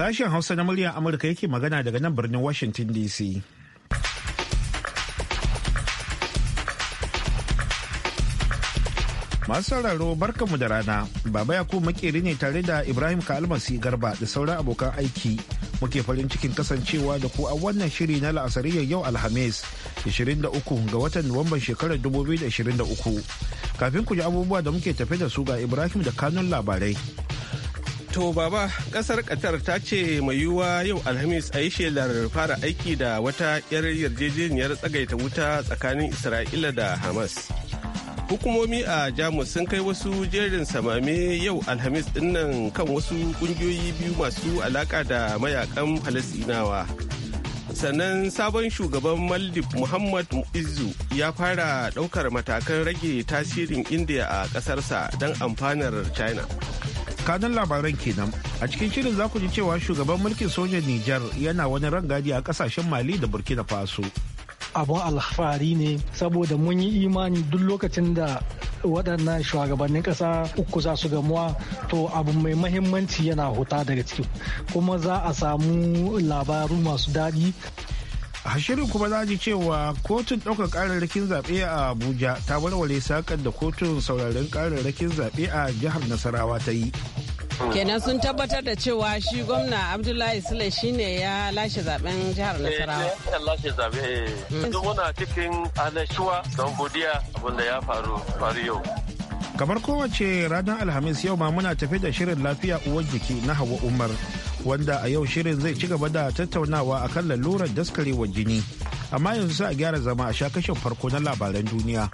Sashen Hausa na muryar Amurka yake magana daga nan birnin Washington DC. Masu sauraro barkanmu da rana, Baba Yakubu makeri ne tare da Ibrahim Kalmasi Garba da sauran abokan aiki. Muke farin cikin kasancewa da ku a wannan shiri na la'asariyar yau Alhamis 23 ga watan Nuwamban shekarar 2023. Kafin ku ji abubuwa da muke tafe da su ga Ibrahim da kanun labarai. To baba kasar Qatar ta ce mai yiwuwa yau Alhamis a yi shelar fara aiki da wata 'yar yarjejeniyar tsagaita wuta tsakanin Isra'ila da Hamas. Hukumomi a Jamus sun kai wasu jerin samame yau Alhamis dinnan kan wasu kungiyoyi biyu masu alaka da mayakan Falasinawa. Sannan sabon shugaban Maldiv Muhammad Izu ya fara daukar matakan rage tasirin India a kasarsa don amfanar China. kanan labaran kenan a cikin shirin za ku ji cewa shugaban mulkin sojan Nijar yana wani rangadi a kasashen Mali da Burkina Faso. abu alfahari ne saboda mun yi imani duk lokacin da waɗannan shugabannin ƙasa uku za su gamuwa to abu mai mahimmanci yana huta daga ciki kuma za a samu labaru masu daɗi. hashirin kuma za ji cewa kotun ɗaukar ƙararrakin zaɓe a abuja ta warware sakar da kotun sauraren ƙararrakin zaɓe a jihar nasarawa ta yi kenan sun tabbatar da cewa shi gwamna abdullahi sule shine ya lashe zaben jihar eh, nasarawa ya lashe zabe eh. mm. duk wani cikin annashuwa don godiya abinda ya faru faru yau kamar kowace ranar alhamis yau ma muna tafe da shirin lafiya uwar jiki na hawa umar wanda a yau shirin zai ci gaba da tattaunawa a kan lalurar daskarewar jini amma yanzu sai a gyara zama a shakashin farko na labaran duniya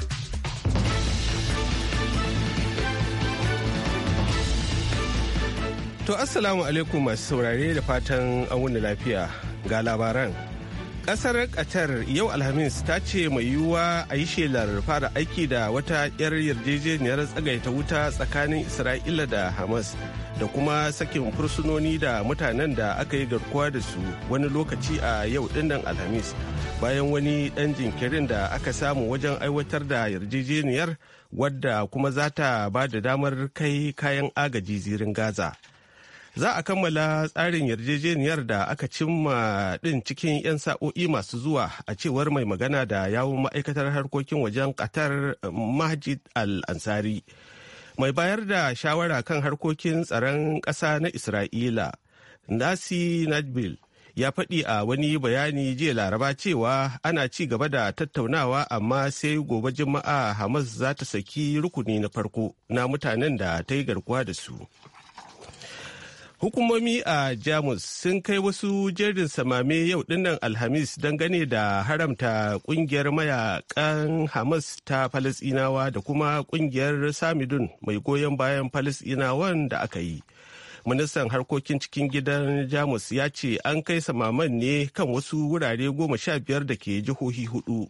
to assalamu alaikum masu saurare da fatan an wuni lafiya ga labaran Kasar Qatar yau Alhamis ta ce mai yiwuwa a yi shelar fara aiki da wata 'yar yarjejeniyar tsagaita wuta tsakanin Isra'ila da Hamas da kuma sakin fursunoni da mutanen da aka yi garkuwa da su wani lokaci a yau dindin Alhamis bayan wani ɗan jinkirin da aka samu wajen aiwatar da yarjejeniyar wadda kuma za ta ba da damar kai kayan agaji zirin Gaza. za a kammala tsarin yarjejeniyar da aka cimma din cikin 'yan sa'o'i masu zuwa a cewar mai magana da yawon ma'aikatar harkokin wajen qatar mahjid al-ansari mai bayar da shawara kan harkokin tsaron ƙasa na isra'ila nasi najbil ya faɗi a wani bayani jiya laraba cewa ana ci gaba da tattaunawa amma sai gobe jima'a hamas za ta saki rukuni na farko na mutanen da ta yi garkuwa da su Hukumomi a Jamus sun kai wasu jerin samame yau dinnan Alhamis dangane da haramta kungiyar mayakan Hamas ta Falasinawa da kuma kungiyar Samidun mai goyon bayan Falasinawan da aka yi. Ministan harkokin cikin gidan Jamus ya ce an kai samaman ne kan wasu wurare goma sha biyar da ke jihohi hudu.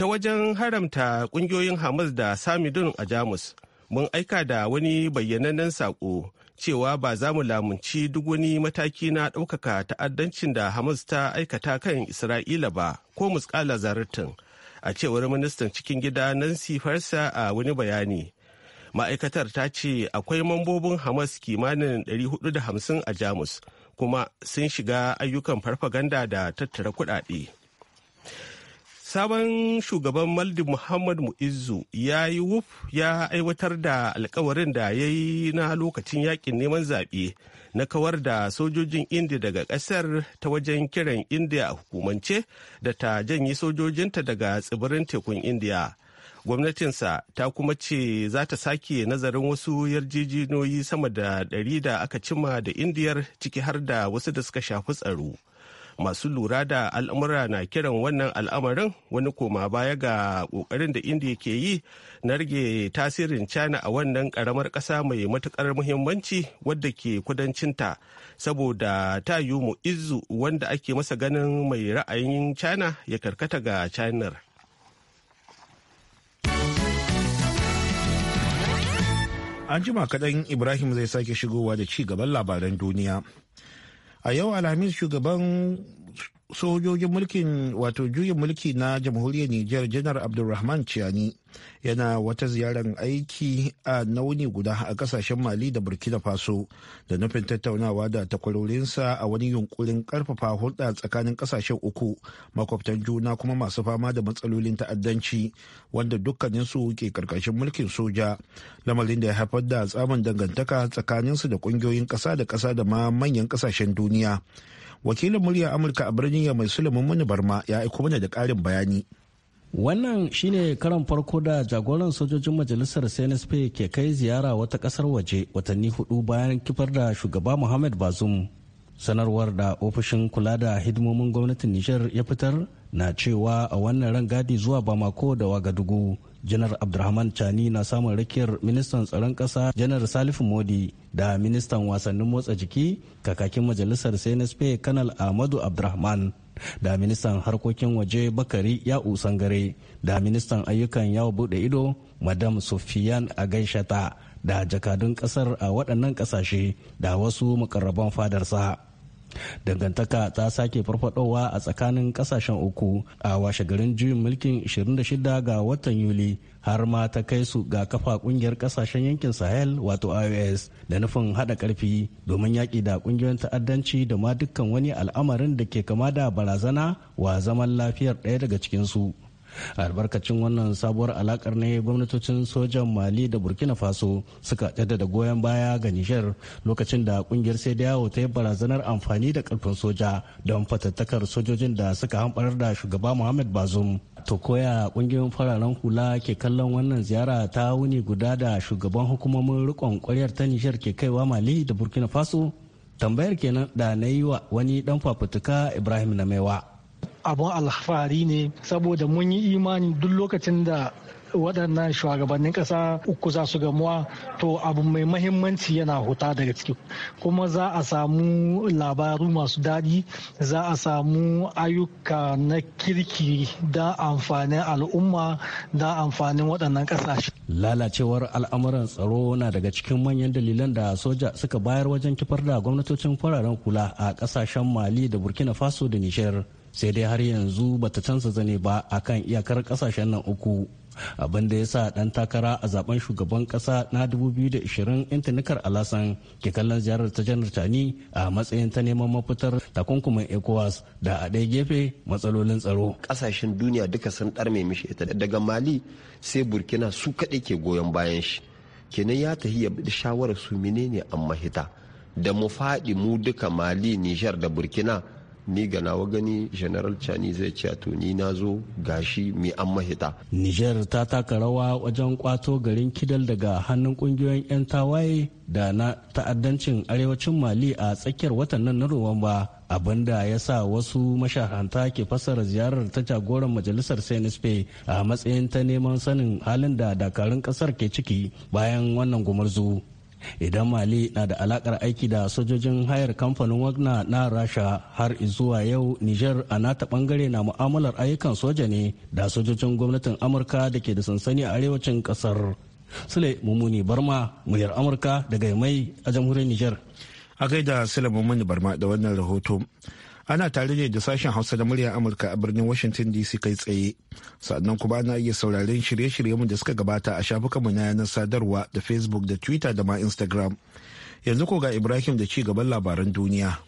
Ta wajen haramta kungiyoyin Hamas da Samidun a Jamus, mun aika da wani bayyanannen saƙo. cewa ba za mu lamunci duk wani mataki na ɗaukaka ta'addancin da Hamas ta aikata kan Isra'ila ba ko muskala zarurtun a cewar ministan cikin gida Nancy Farsa a wani bayani. Ma'aikatar ta ce akwai mambobin Hamas kimanin 450 a Jamus kuma sun shiga ayyukan farfaganda da tattara kuɗaɗe. sabon shugaban maldi muhammad mu'izzu ya yi wuf ya aiwatar da alkawarin da ya yi na lokacin yakin neman zaɓe na kawar da sojojin indi daga ƙasar ta wajen kiran india a hukumance da ta janye sojojinta daga tsibirin tekun indiya gwamnatinsa ta kuma ce za ta sake nazarin wasu yarjejeniyoyi sama da ɗari da aka cima da indiyar ciki har da wasu da suka shafi tsaro masu lura da al'amura na kiran wannan al'amarin wani koma baya ga kokarin da indiya ke yi na rage tasirin china a wannan karamar kasa mai matukar muhimmanci wadda ke kudancinta saboda ta yi izu wanda ake masa ganin mai ra'ayin china ya karkata ga china an jima kaɗan ibrahim zai sake shigowa da ci gaban labaran duniya a yau alhamis shugaban sojojin mulkin wato juyin mulki na jamhuriyar Nijar janar Abdulrahman Ciyani yana wata ziyarar aiki a nauni guda a kasashen Mali da Burkina Faso da nufin tattaunawa da takwarorinsa a wani yunkurin karfafa hulɗa tsakanin kasashen uku makwabtan juna kuma masu fama da matsalolin ta'addanci wanda dukkaninsu ke karkashin mulkin soja lamarin da ya haifar da tsamin dangantaka tsakaninsu da ƙungiyoyin ƙasa da ƙasa da ma manyan ƙasashen duniya. wakilin murya amurka a birnin ya mai sulaiman mani barma ya aiko mana da karin bayani wannan shine karan farko da jagoran sojojin majalisar cnsp ke kai ziyara wata kasar waje watanni hudu bayan kifar da shugaba muhammad bazum sanarwar da ofishin kula da hidimomin gwamnatin nijar ya fitar na cewa a wannan rangadi zuwa bamako da wagadugu janar abdulrahman chani na samun rakiyar ministan tsaron kasa janar salifu modi da ministan wasannin motsa jiki kakakin majalisar cnsp kanal ahmadu abdulrahman da ministan harkokin waje bakari ya usangare da ministan ayyukan yawo bude ido madam a agaishata da jakadun kasar a waɗannan ƙasashe da wasu mukarraban fadarsa dangantaka ta sake farfadowa a tsakanin kasashen uku a washe garin juyin mulkin 26 ga watan yuli har ma ta kai su ga kafa kungiyar kasashen yankin sahel wato ios da nufin hada karfi domin yaki da kungiyoyin ta'addanci da ma dukkan wani al'amarin da ke kama da barazana wa zaman lafiyar ɗaya daga cikinsu albarkacin wannan sabuwar alakar ne gwamnatocin sojan mali da burkina faso suka jaddada goyon baya ga nishar lokacin da kungiyar sai da yawo ta yi barazanar amfani da karfin soja don fatattakar sojojin da suka hamɓarar da shugaba muhammad bazum to koya kungiyoyin fararen hula ke kallon wannan ziyara ta wuni guda da shugaban hukumomin rikon kwaryar ta nishar ke kaiwa mali da burkina faso tambayar kenan da na yi wa wani dan fafutuka ibrahim na abun alfahari ne saboda mun yi imani duk lokacin da waɗannan shugabannin ƙasa uku za su gamuwa to abu mai mahimmanci yana huta daga ciki kuma za a samu labaru masu daɗi za a samu ayyuka na kirki da amfanin al'umma da amfanin waɗannan ƙasashe. lalacewar al'amuran tsaro na daga cikin manyan dalilan da soja suka bayar wajen kifar da gwamnatocin fararen kula a ƙasashen mali da burkina faso da niger. sai dai har yanzu bata canza zane ba a kan iyakar kasashen nan uku abin da ya sa dan takara a zaben shugaban kasa na 2020 intanikar alasan ke kallon ziyarar ta janar tani a matsayin ta neman mafitar takunkumin ecowas da a ɗaya gefe matsalolin tsaro ƙasashen duniya duka sun mai mishi ita daga mali sai burkina su kaɗai ke goyon bayan shi kenan ya tafi ya bi shawarar su menene amma hita da mu faɗi mu duka mali nijar da burkina ni ga nawa gani general chani zai ce to ni na zo gashi mi an mahita niger ta taka rawa wajen kwato garin kidal daga hannun kungiyoyin 'yan tawaye da na ta'addancin arewacin mali a tsakiyar watan nan na nuwamba abinda ya sa wasu masharanta ke fassara ziyarar ta jagoran majalisar cnsp a matsayin ta neman sanin halin da dakarun kasar ke ciki bayan wannan gumurzu idan mali na da alakar aiki da sojojin hayar kamfanin wagner na rasha har zuwa yau niger a nata bangare na mu'amalar ayyukan soja ne da sojojin gwamnatin amurka da ke da sansani a arewacin kasar sule mummuni barma muryar amurka daga mai a jamhuriyar niger a gaida sule mummuni barma da wannan rahoto ana tare ne da sashen hausa da murya amurka a birnin washington dc kai tsaye sannan kuma ana iya sauraren shirye-shiryenmu da suka gabata a shafukanmu na yanar sadarwa da facebook da twitter da ma instagram yanzu ko ga ibrahim da ci gaban labaran duniya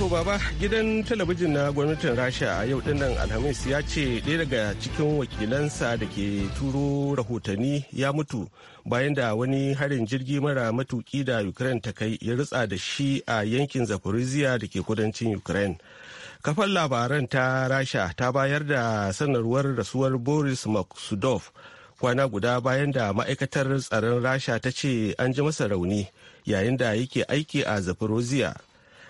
To baba gidan talabijin na gwamnatin Rasha a yau dinnan Alhamis ya ce ɗaya daga cikin wakilansa da ke turo rahotanni ya mutu bayan da wani harin jirgi mara matuki da Ukraine ta kai ya ritsa da shi a yankin Zaporizhia da ke kudancin Ukraine. Kafar labaran ta Rasha ta bayar da sanarwar rasuwar Boris Maksudov kwana guda bayan da ma'aikatar tsaron Rasha ta ce an ji masa rauni yayin da yake aiki a Zaporizhia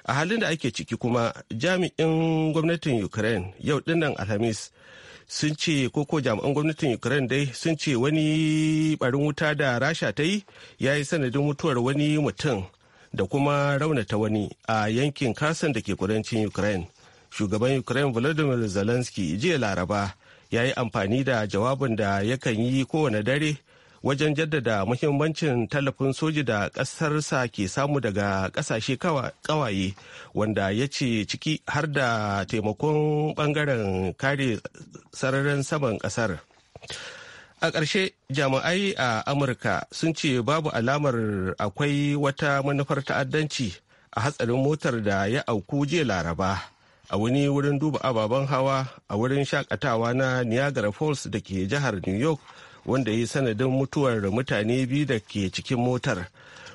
a halin da ake ciki kuma jami'in gwamnatin ukraine yau dinnan alhamis sun ce koko jami'an gwamnatin ukraine dai sun ce wani barin wuta da rasha ta yi ya yi sanadin mutuwar wani mutum da kuma raunata wani a yankin kasan da ke kudancin ukraine shugaban ukraine volodymyr zelensky jiya laraba ya yi amfani da jawabin da yakan yi kowane dare wajen jaddada muhimmancin tallafin soji da ƙasarsa ke samu daga ƙasashe kawaye wanda ya ce ciki har da taimakon ɓangaren kare sararin saman ƙasar. A ƙarshe jami'ai a Amurka sun ce babu alamar akwai wata manufar ta'addanci a hatsarin motar da ya auku jiya Laraba a wani wurin duba ababen hawa a wurin shakatawa na Niagara Falls da ke jihar New York wanda ya yi sanadin mutuwar mutane biyu da ke cikin motar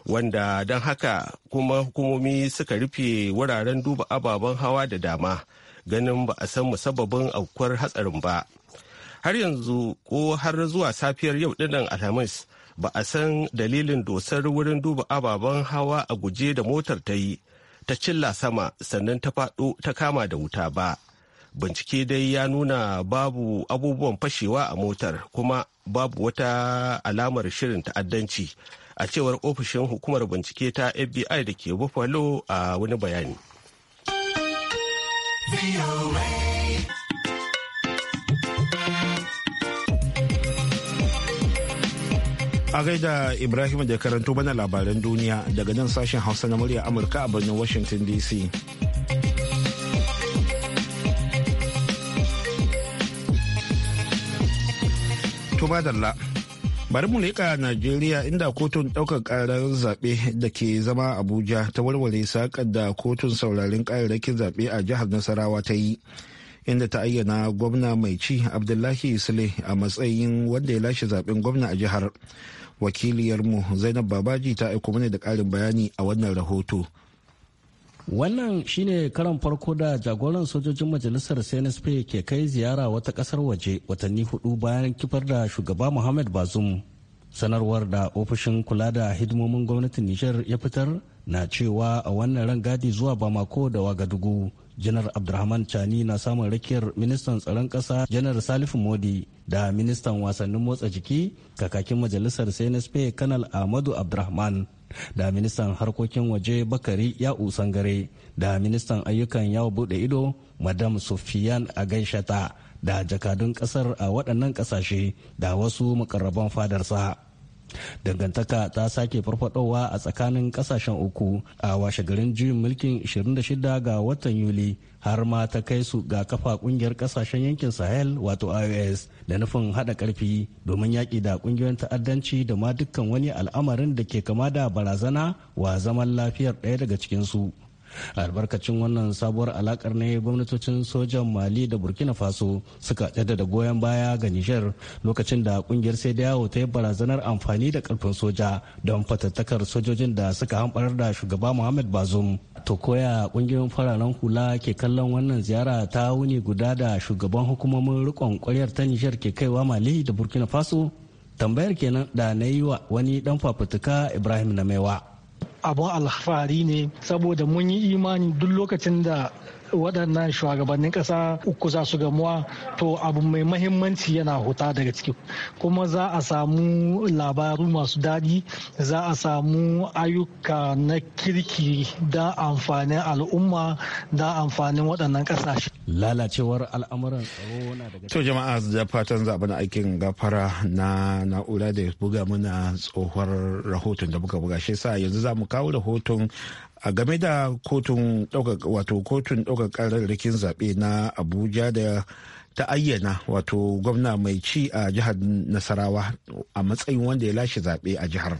wanda don haka kuma hukumomi suka rufe wuraren duba ababen hawa da dama ganin ba a san musabbabin aukuwar hatsarin ba har yanzu ko har zuwa safiyar yau dinnan alhamis ba a san dalilin dosar wurin duba ababen hawa a guje da motar ta yi ta cilla sama sannan ta faɗo ta kama da wuta ba bincike dai ya nuna babu abubuwan fashewa a motar kuma babu wata alamar shirin ta'addanci a cewar ofishin hukumar bincike ta fbi da ke buffalo a wani bayani a gaida ibrahim da karanto mana labaran duniya daga nan sashen hausa na murya amurka a birnin washington dc To Dalla. Bari mu leƙa Najeriya inda kotun ɗaukar ƙarar zaɓe da ke zama Abuja ta warware saƙar da kotun saurarin ƙararrakin zaɓe a jihar Nasarawa ta yi. Inda ta ayyana gwamna mai ci Abdullahi Sule a matsayin wanda ya lashe zaɓen gwamna a jihar. Wakiliyarmu Zainab Babaji ta aiko mana da ƙarin bayani a wannan rahoto. Wannan shine karan farko da jagoran sojojin majalisar CNSP ke kai ziyara wata kasar waje watanni hudu bayan kifar da shugaba Muhammad bazum Sanarwar da ofishin kula da hidimomin gwamnatin Nijar ya fitar na cewa a wannan rangadi zuwa Bamako da Wagadugu. janar abdulrahman chani na samun rakiyar ministan tsaron kasa janar salifu modi da ministan wasannin motsa jiki kakakin majalisar cnsp kanal ahmadu abdulrahman da ministan harkokin waje bakari ya usangare da ministan ayyukan yawo bude ido madam a agaishata da jakadun kasar a waɗannan ƙasashe da wasu makarraban fadarsa dangantaka ta sake farfadowa a tsakanin kasashen uku a washe garin juyin mulkin 26 ga watan yuli har ma ta kai su ga kafa kungiyar kasashen yankin sahel wato ios da nufin hada karfi domin yaƙi da kungiyoyin ta'addanci da ma dukkan wani al'amarin da ke kama da barazana wa zaman lafiyar ɗaya daga cikinsu. albarkacin wannan sabuwar alakar ne gwamnatocin sojan mali da burkina faso suka jaddada goyon baya ga nijar lokacin da kungiyar sai yawo ta yi barazanar amfani da karfin soja don fatattakar sojojin da suka hamɓarar da shugaba muhammad bazum to koya kungiyoyin fararen hula ke kallon wannan ziyara ta wuni guda da shugaban hukumomin rikon kwaryar ta nijar ke kaiwa mali da burkina faso tambayar kenan da na yi wa wani dan fafutuka ibrahim na maiwa abun alfahari ne saboda mun yi imani duk lokacin da waɗannan shugabannin ƙasa uku za su gamuwa to abu mai mahimmanci yana huta daga ciki kuma za a samu labaru masu daɗi za a samu ayyuka na kirki da amfanin al'umma da amfanin waɗannan ƙasashe. lalacewar al'amuran tsaro na daga to jama'a da fatan zaɓen aikin gafara na na'ura da buga mana tsohuwar rahoton da muka buga shi yanzu za mu kawo rahoton a game da kotun wato kotun ɗaukar ƙararrakin zaɓe na abuja da ta ayyana wato gwamna mai ci a jihar nasarawa a matsayin wanda ya lashe zaɓe a jihar.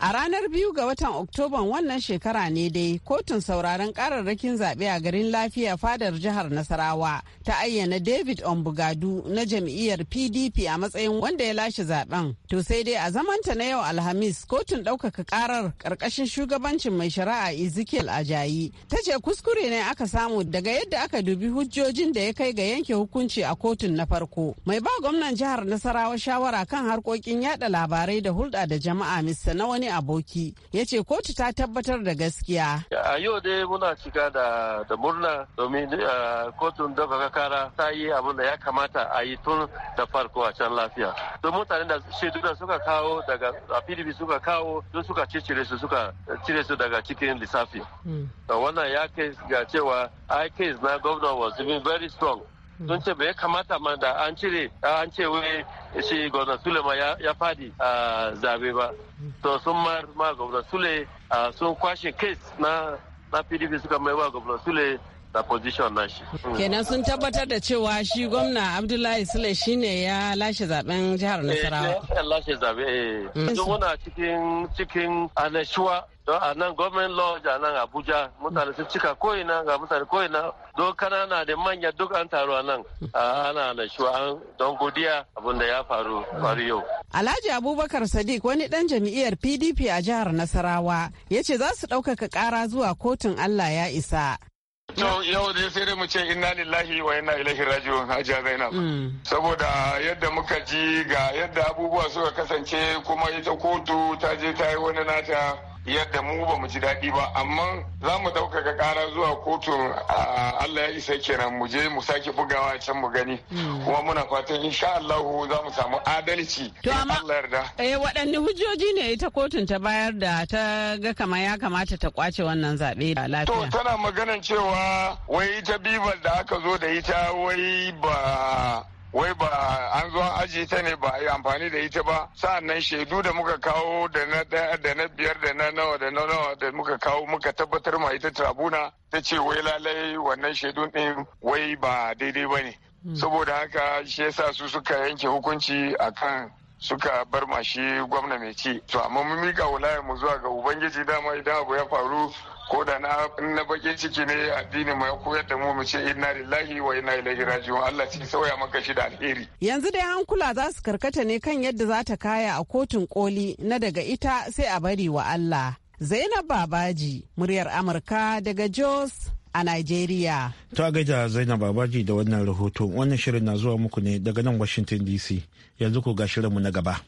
A ranar biyu ga watan Oktoban wannan shekara ne dai kotun sauraron kararrakin zaɓe a garin lafiya fadar jihar Nasarawa ta ayyana David Ombugadu na jam'iyyar PDP a matsayin wanda ya lashe zaben. To sai dai a zamanta na yau Alhamis kotun ɗaukaka ƙarar karkashin shugabancin mai shari'a Ezekiel Ajayi ta ce kuskure ne aka samu daga yadda aka dubi hujjojin da ya kai ga yanke hukunci a kotun na farko. Mai ba gwamnan jihar Nasarawa shawara kan harkokin yada labarai da hulɗa da jama'a Mr. na wani wani Aboki ya ce kotu ta tabbatar da gaskiya. A yau dai muna cika da murna domin eh, kotun dafa kara ta yi abin da ya kamata a yi tun da farko a can lafiya. Don mutane da shaidu da suka kawo daga PDP suka kawo don suka cire su suka cire su daga cikin lissafi. Hmm. Wannan ya kai ga cewa I case na governor was even very strong. sun ce bai kamata ma da an cire an ce wai shi gwamna sule ma ya fadi a zabe ba to sun ma gwamna sule sun kwashe case na na pdp suka mai wa gwamna sule da position na shi hmm. kenan sun tabbatar da cewa shi gwamna abdullahi sule shine ya lashe zaben jihar eh, nasarawa ya lashe zabe eh hmm. cikin cikin anashuwa don a nan government lodge a nan abuja mutane sun cika ko'ina ga mutane ko'ina don kanana da manya duk an taru a nan ana da don godiya abin da ya faru faru yau alhaji abubakar sadiq wani dan jam'iyyar pdp a jihar nasarawa ya ce za su ɗaukaka ƙara zuwa kotun allah ya isa To yau dai sai dai mu ce inna lillahi wa inna ilaihi raji'un Hajiya Zainab. Mm. Saboda yadda muka ji ga yadda abubuwa suka kasance kuma ita kotu ta je ta yi wani nata yadda mu ba mu ji daɗi ba amma za mu ɗaukaka ƙara zuwa kotun Allah ya isa kenan mu je mu sake bugawa can mu gani hmm. kuma muna fatan insha Allah za mu samu adalci to amma eh waɗanne hujjoji ne ita kotun ta bayar da ta ga kama ya kamata ta kwace wannan zaɓe da lafiya to tana maganan cewa wai ita bibal da aka zo da ita wai ba wai ba an zo aji ta ne ba a yi amfani da ita ba sa'annan shaidu da muka kawo da na daya da na biyar da na nawa da na nawa da muka kawo muka tabbatar ma ita tribuna ta ce wai lalai wannan shaidu din wai ba daidai ba ne hmm. saboda haka shi yasa su suka yanke hukunci akan suka bar mashi gwamna mai ci to amma mun mika wulayar mu zuwa ga ubangiji dama idan abu ya faru ko da na na bakin ciki ne addini mu ya koyar da mu mu ce inna lillahi wa inna ilaihi raji'un Allah shi sauya maka shi da alheri yanzu dai hankula za su karkata ne kan yadda za ta kaya a kotun koli na daga ita sai a bari wa Allah Zainab Babaji muryar Amurka daga Jos a Nigeria ta gaida Zainab Babaji da wannan rahoto wannan shirin na zuwa muku ne daga nan Washington DC yanzu ku ga shirinmu na gaba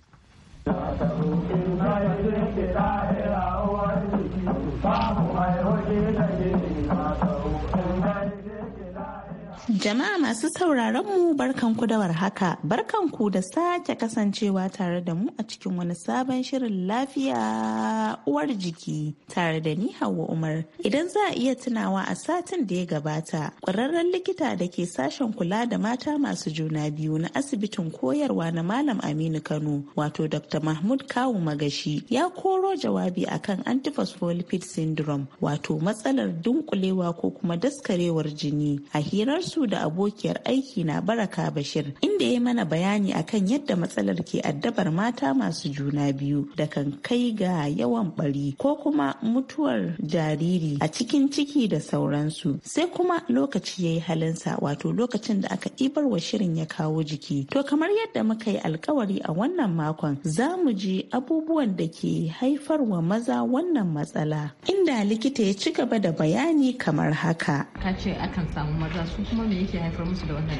Jama'a masu sauraron mu barkanku da warhaka, barkanku da sake kasancewa tare da mu a cikin wani sabon shirin lafiya uwar jiki tare da ni Hauwa Umar. Idan za a iya tunawa a satin da ya gabata, ƙwararren likita da ke sashen kula da mata masu juna biyu na asibitin koyarwa na Malam Aminu Kano, wato Dr. Mahmud Kawu Magashi, ya koro jawabi akan antiphospholipid syndrome, wato matsalar dunkulewa ko kuma daskarewar jini a hirar su da abokiyar aiki na Baraka Bashir inda ya mana bayani akan yadda matsalar ke addabar mata masu juna biyu da kan kai ga yawan bari ko kuma mutuwar jariri a cikin ciki da sauransu sai kuma lokaci ya yi halinsa wato lokacin da aka ibar wa shirin ya kawo jiki to kamar yadda muka yi alkawari a wannan makon za mu ji abubuwan da ke haifar wa maza wannan matsala inda likita ya ci gaba da bayani kamar haka ka ce akan samu maza su kuma me haifar musu da wannan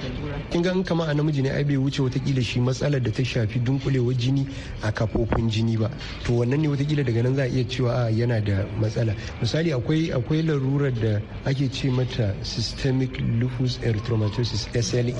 kin ga kama a namiji ne ai bai wuce watakila shi matsalar da ta shafi dunkulewar jini a kafofin jini ba to wannan ne watakila daga nan za a iya cewa a yana da matsala misali akwai akwai larurar da ake ce mata systemic lupus erythematosus SLE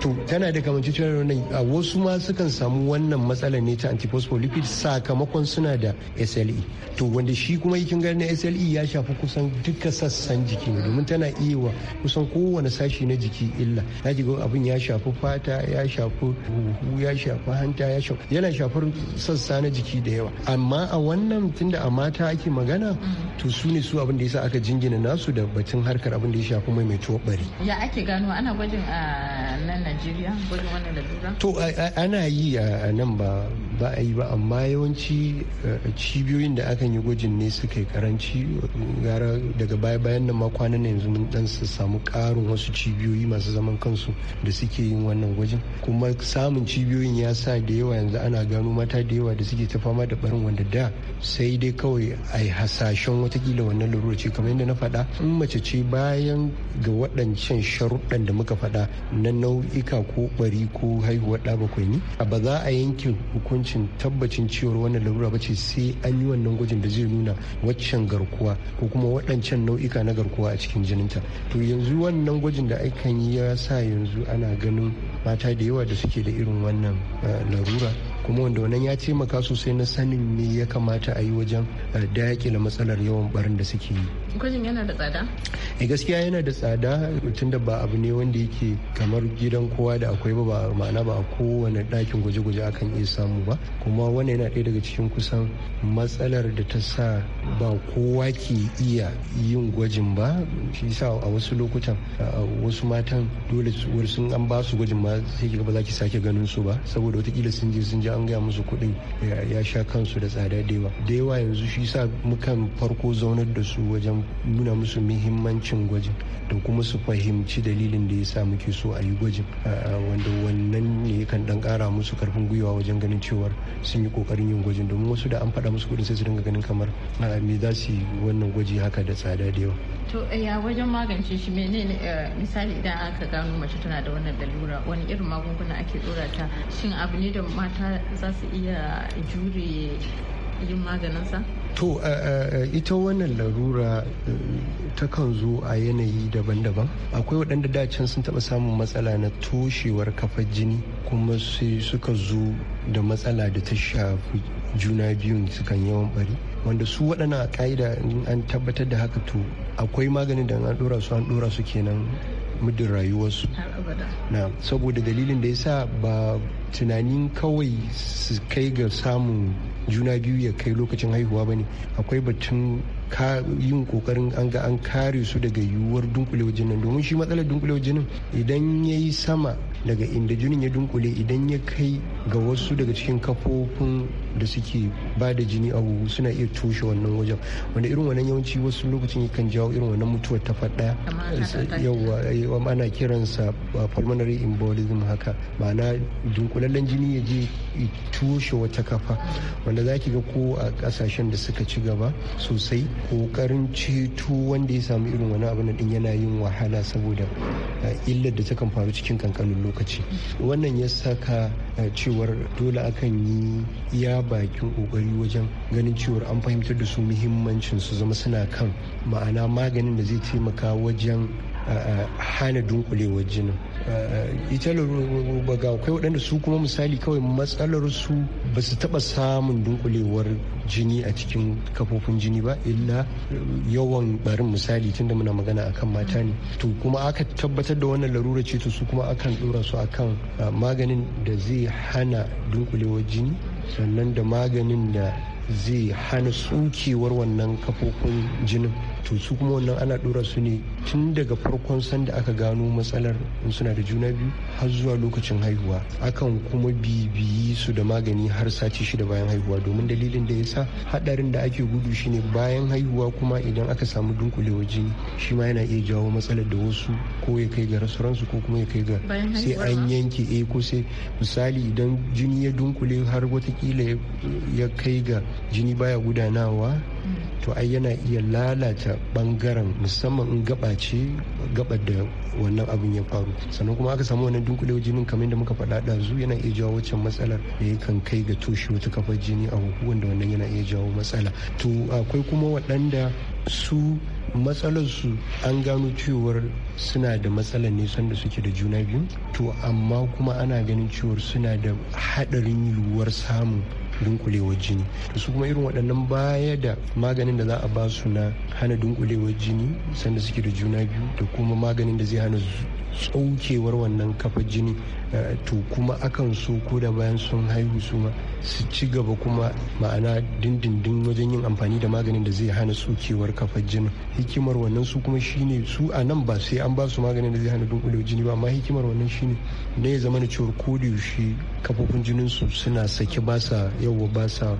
to tana da kamanceciyar wannan a wasu ma sukan samu wannan matsalar ne ta antiphospholipid sakamakon suna da SLE to wanda shi kuma yakin gani na SLE ya shafi kusan duka sassan jiki ne domin tana iya wa kusan kowane sashi na jiki illa ya ji abin ya shafi fata ya shafi huhu ya shafi hanta ya shafi yana shafar sassa na jiki da yawa amma a wannan tunda a mata ake magana mm-hmm. to su ne su abin da yasa aka jingina nasu da batun harkar abin da ya shafi mai mai bari ya ake gano ana gwajin a ah, nan Najeriya gwajin wannan lalura to ana yi a nan ba ba a yi ba amma yawanci eh, cibiyoyin da aka yi gwajin ne suka yi karanci gara daga baya bayan nan ma kwanan yanzu mun dan su samu karin wasu cibiyoyi masu zaman kansu da suke yin wannan gwajin kuma samun cibiyoyin ya sa da yawa yanzu ana gano mata da yawa da suke ta fama da barin wanda da sai dai kawai a yi hasashen watakila wannan larura ce kamar yadda na faɗa in mace ce bayan ga waɗancan sharuɗan da muka faɗa na nau'ika ko ɓari ko haihuwa ɗa bakwai ne ba za a yanke hukunci ingancin tabbacin cewar wannan larura ba ce sai an yi wannan gwajin da zai nuna waccan garkuwa ko kuma waɗancan nau'ika na garkuwa a cikin jininta to yanzu wannan gwajin da akan yi ya sa yanzu ana ganin mata da yawa da suke da irin wannan eh, larura kuma wanda wannan ya taimaka sosai na sanin me ya kamata a yi wajen eh, dakile matsalar yawan barin da suke yi gwajin yana da tsada e gaskiya yana da tsada tun da ba abu ne wanda yake kamar gidan kowa da akwai ba ba ma'ana ba a kowane ɗakin gwaje-gwaje akan iya samu ba kuma wannan yana ɗaya daga cikin kusan matsalar da ta sa ba kowa ke iya yin gwajin ba shi sa a wasu lokutan wasu matan dole sun an ba su gwajin ma sai ki ba za ki sake ganin su ba saboda watakila sun je sun je an gaya musu kuɗin ya sha kansu da tsada da yawa da yawa yanzu shi sa mukan farko zaunar da su wajen nuna musu muhimmancin gwajin da kuma su fahimci dalilin da ya sa muke so a yi gwajin wanda wannan ne kan dan kara musu karfin gwiwa wajen ganin cewar sun yi kokarin yin gwajin domin wasu da an faɗa musu kuɗin sai su dinga ganin kamar me za su yi wannan gwaji haka da tsada da yawa to eh, ya wajen magance shi menene eh, misali idan aka gano mace tana da wannan lalura wani irin magunguna ake dora ta shin abu ne da mata za su iya jure yin maganinsa? To, ita wannan larura eh, ta kan zo a yanayi daban-daban. Akwai waɗanda dacin sun taɓa samun matsala na toshewar kafar jini kuma sai suka zo da matsala da ta shafi juna biyun sukan yawan bari. wanda su waɗannan a ƙa'ida an tabbatar da haka to akwai maganin da an ɗora su an ɗora su kenan muddin rayuwarsu na saboda dalilin da ya sa ba tunanin kawai su kai ga samun juna biyu ya kai lokacin haihuwa ba ne akwai batun yin kokarin an ga an kare su daga yiwuwar dunkulewar jinin domin shi matsalar dunkule jinin idan ya yi sama daga inda jinin ya dunkule idan ya kai ga wasu daga cikin kafofin da suke ba da jini a huhu suna iya toshe wannan wajen wanda irin wannan yawanci wasu lokacin yakan jawo irin wannan mutuwar ta faɗa yawa eh, ana kiransa uh, pulmonary embolism haka ma'ana dunkulallen jini ya je toshe wata kafa wanda za ki ga ko a kasashen da suka ci gaba sosai kokarin ceto wanda ya samu irin wani abin din yana yin wahala saboda uh, illar da takan faru cikin kankanin lokaci wannan ya saka uh, cewar dole akan yi ya bakin kokari wajen ganin cewar an fahimtar da su muhimmancin su zama suna kan ma'ana maganin da zai taimaka wajen hana dunkulewar jinin ita ga akwai waɗanda su kuma misali kawai matsalar su ba su taɓa samun dunkulewar jini a cikin kafofin jini ba illa yawan barin misali tunda muna magana akan mata ne to kuma aka tabbatar da wannan larura ce to su kuma akan ɗora su akan maganin da zai hana dunkulewar jini sannan da maganin da zai hana tsukewar wannan kafofin jinin to su kuma wannan ana dora su ne tun daga farkon sanda aka gano matsalar in suna da juna biyu har zuwa lokacin haihuwa akan kuma bibiyi su da magani har sati shida bayan haihuwa domin dalilin da yasa hadarin da ake gudu shine bayan haihuwa kuma idan aka samu dunkulewa jini shi ma yana iya jawo matsalar da wasu ko ya kai ga rasuransu ko kuma ya kai ga sai an yanke eh ko sai misali idan jini ya dunkule har watakila ya kai ga jini baya gudanawa to ai yana iya lalata bangaren musamman in gaba ce gaba da wannan abin ya faru sannan kuma aka samu wannan dunkule jinin kamar da muka faɗa ɗazu yana iya jawo wancan matsalar da yakan kai ga toshe wata kafar jini a huhu wanda wannan yana iya jawo matsala to akwai kuma waɗanda su matsalarsu an gano cewar suna da matsalar ne sanda suke da juna biyu to amma kuma ana ganin cewar suna da haɗarin yiwuwar samun dunkulewar jini su kuma irin waɗannan baya da maganin da za a ba su na hana dunkulewar jini sanda suke da juna biyu da kuma maganin da zai hana tsaukewar wannan kafa jini eh, to kuma akan so ko da bayan sun haihu su ma su ci gaba kuma ma'ana dindindin wajen yin amfani da maganin da zai hana tsokewar kafa jini hikimar wannan su kuma shine su a nan ba sai an ba su maganin da zai hana dunkulewar jini ba amma hikimar wannan shine ne ya zama na cewar ko da yaushe kafofin jininsu suna sake sa yawa ba sa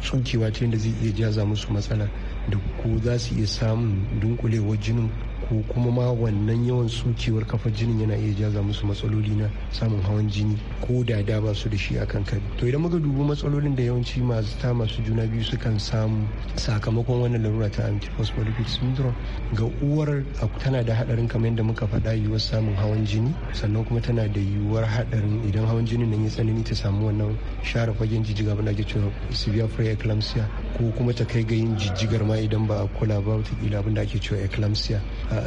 tsukewa ta yadda zai iya jaza musu matsala da ko za su iya samun dunkulewar jinin ko kuma ma wannan yawan sukewar kafa jinin yana iya jaza musu matsaloli na samun hawan jini ko da da ba su da shi akan kari to idan muka dubi matsalolin da yawanci masu ta masu juna biyu sukan samu sakamakon wannan larura ta antiphospholipid syndrome ga uwar tana da hadarin kamar yadda muka faɗa yiwuwar samun hawan jini sannan kuma tana da yiwuwar hadarin idan hawan jinin nan ya tsanani ta samu wannan share fagen jijjiga abin da ake cewa severe preeclampsia ko kuma ta kai ga yin jijjigar ma idan ba a kula ba wata abin da ake cewa eclampsia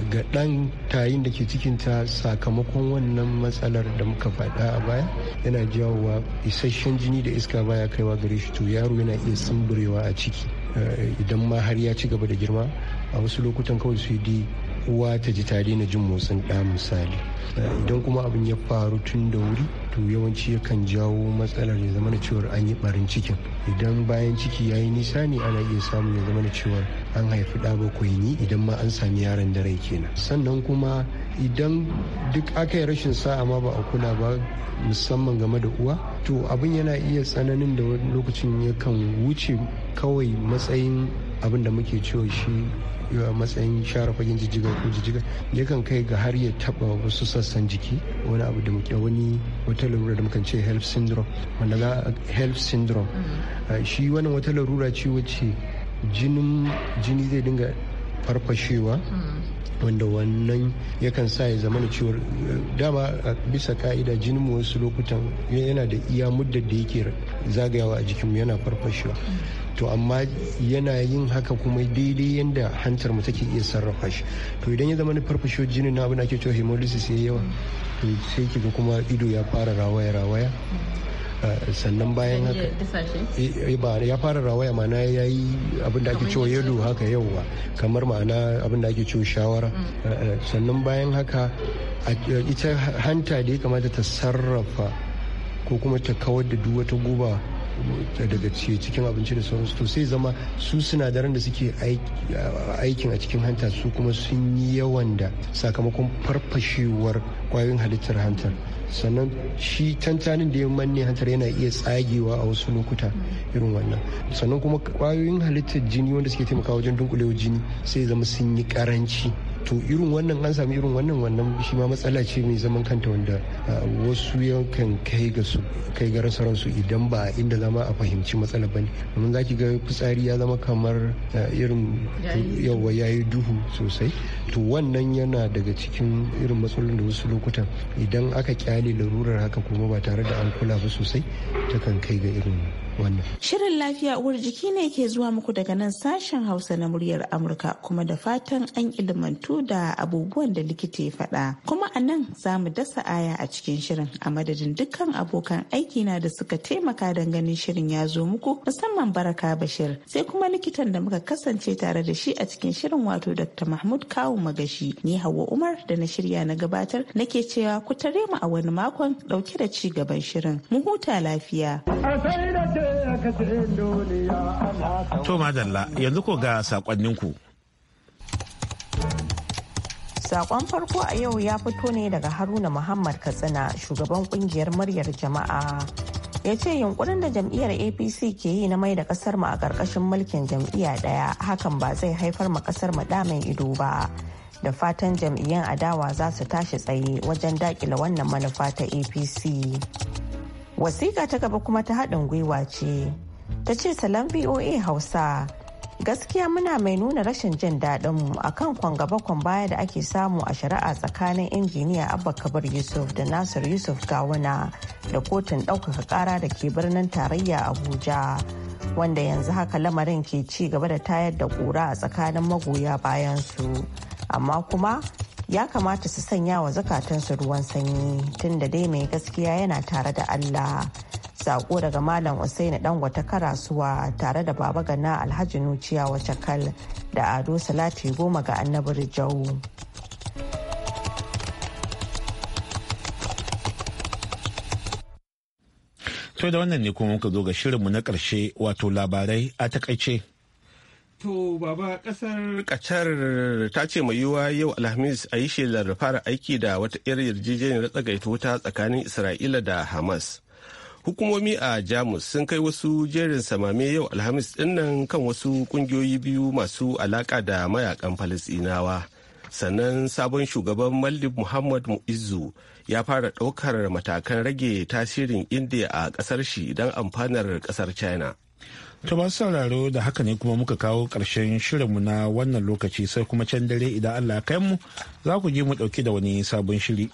ga ɗan tayin da ke cikin ta sakamakon wannan matsalar da muka faɗa a baya yana jawowa isasshen jini da iska baya kaiwa gare shi to yaro yana iya sumburewa a ciki eh, idan ma har ya ci gaba da girma a wasu lokutan kawai su dai uwa ta ji ta na jin motsin ɗa misali eh, idan kuma abin ya faru tun da wuri to yawanci yakan jawo matsalar ya zama cewar an yi barin cikin idan bayan ciki ya yi nisa ne ana iya samun ya zama cewar an haifi ɗa bakwai ni idan ma an sami yaron da rai kenan sannan kuma idan duk aka yi rashin sa'a ma ba a kula ba musamman game da uwa to abin yana iya tsananin da wani lokacin yakan wuce kawai matsayin abin da muke cewa shi a matsayin share fagen jijjiga ko jijjiga yakan kai ga har ya taba wasu sassan jiki wani abu da muke wani wata larura da muka ce health syndrome wanda za health syndrome mm-hmm. shi wani wata larura ce wacce jini zai dinga farfashewa wanda wannan yakan sa ya zama cewar eh, dama a bisa ka'ida jininmu wasu lokutan yana da iya muddar da yake zagayawa a jikinmu yana farfashewa to amma yana yin haka kuma daidai yadda hantar mu take iya sarrafa shi to idan ya zama ni farfashe jinin na abin ake cewa hemolysis ya yawa to sai kiga kuma ido ya fara rawaya rawaya Eh, sannan bayan haka eh, eh, ya fara rawaya mana ya yi abin da ake cewa yado haka yauwa kamar ma'ana abin da ake cewa shawara mm. sannan bayan haka ita hanta da ya kamata ta sarrafa ko kuma ta kawar da duk wata guba daga cikin abinci da sauransu to sai zama su sinadaran da suke aikin a cikin hanta su kuma sun yi yawan da sakamakon farfashewar kwayoyin halittar hantar sannan shi tantanin da ya manne hantar yana iya tsagewa a wasu lokuta irin wannan sannan kuma kwayoyin halittar jini wanda suke taimakawa wajen dunkulewa jini sai zama sun yi karanci to irin wannan an sami irin wannan wannan shi ma matsala ce mai zaman kanta wanda wasu yankan kai ga su kai idan ba inda zama a fahimci matsala bane domin zaki ga fitsari ya zama kamar irin yawa yi duhu sosai to wannan yana daga cikin irin matsalolin da wasu lokutan idan aka kyale larurar haka kuma ba tare da an kula ba sosai takan kai ga irin wannan. Shirin lafiya uwar jiki ne ke zuwa muku daga nan sashen Hausa na muryar Amurka kuma da fatan an ilmantu da abubuwan da likita ya faɗa. Kuma a nan za mu dasa aya a cikin shirin a madadin dukkan abokan aiki na da suka taimaka don ganin shirin ya zo muku musamman Baraka Bashir sai kuma likitan da muka kasance tare da shi a cikin shirin wato Dr. Mahmud Kawu Magashi ni Hauwa Umar da na shirya na gabatar nake cewa ku tare mu a wani makon ɗauke da ci gaban shirin mu huta lafiya. To madalla yanzu ko ga sakonninku. Sakon farko a yau ya fito ne daga Haruna Muhammad Katsina shugaban kungiyar muryar jama'a. ya ce yunkurin da jam'iyyar apc ke yi na mai da kasar mu a ƙarƙashin mulkin jam'iyya ɗaya hakan ba zai haifar ma kasar mu da mai ido ba da fatan jam'iyyan adawa za su tashi tsaye wajen daƙila wannan manufa ta apc wasiƙa ta gaba kuma ta haɗin gwiwa ce ta ce salam voa hausa gaskiya muna mai nuna rashin jin daɗin a kan kwangaba baya da ake samu a shari'a tsakanin injiniya abba kabir yusuf da nasir yusuf gawuna da kotun ɗaukaka ƙara da ke birnin tarayya abuja wanda yanzu haka lamarin ke ci gaba da tayar da ƙura a tsakanin magoya bayan su amma kuma ya kamata su sanya wa zakatansu ruwan sanyi tunda dai mai gaskiya yana tare da Allah. Sako daga Malam Usaini wata Karasuwa tare da Baba Gana Alhaji Nuciya kal da Ado Salati Goma ga Annabi Rijau. To da wannan ne kuma muka zo ga shirinmu na ƙarshe wato labarai a takaice. To baba kasar Qatar ta ce mai yiwuwa yau Alhamis a yi shelar fara aiki da wata yar yarjejeniyar tsagaita wuta tsakanin Isra'ila da Hamas. Hukumomi a Jamus sun kai wasu jerin samame yau Alhamis dinnan kan wasu kungiyoyi biyu masu alaka da mayakan Falasinawa. Sannan sabon shugaban Malib Muhammad Mu'izzu ya fara ɗaukar matakan rage tasirin india a ƙasar shi don amfanar ƙasar China. To masu sauraro da haka ne kuma muka kawo ƙarshen shirinmu na wannan lokaci sai kuma can dare idan Allah kai mu za ku ji mu ɗauki da wani sabon shiri.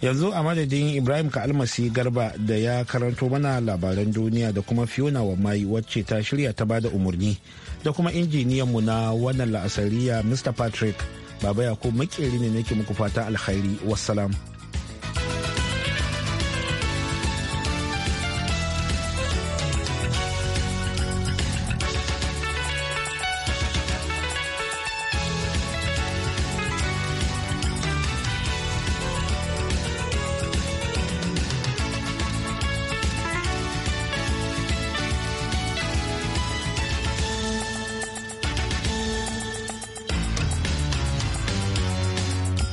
Yanzu a madadin Ibrahim ka'almasi garba da ya karanto mana labaran duniya da kuma Fiona wa mai wacce ta shirya ta bada umarni da kuma injiniyanmu na wannan la'asariya Mr. Patrick. Baba Yakubu makeri ne nake muku fata alkhairi. Wassalam.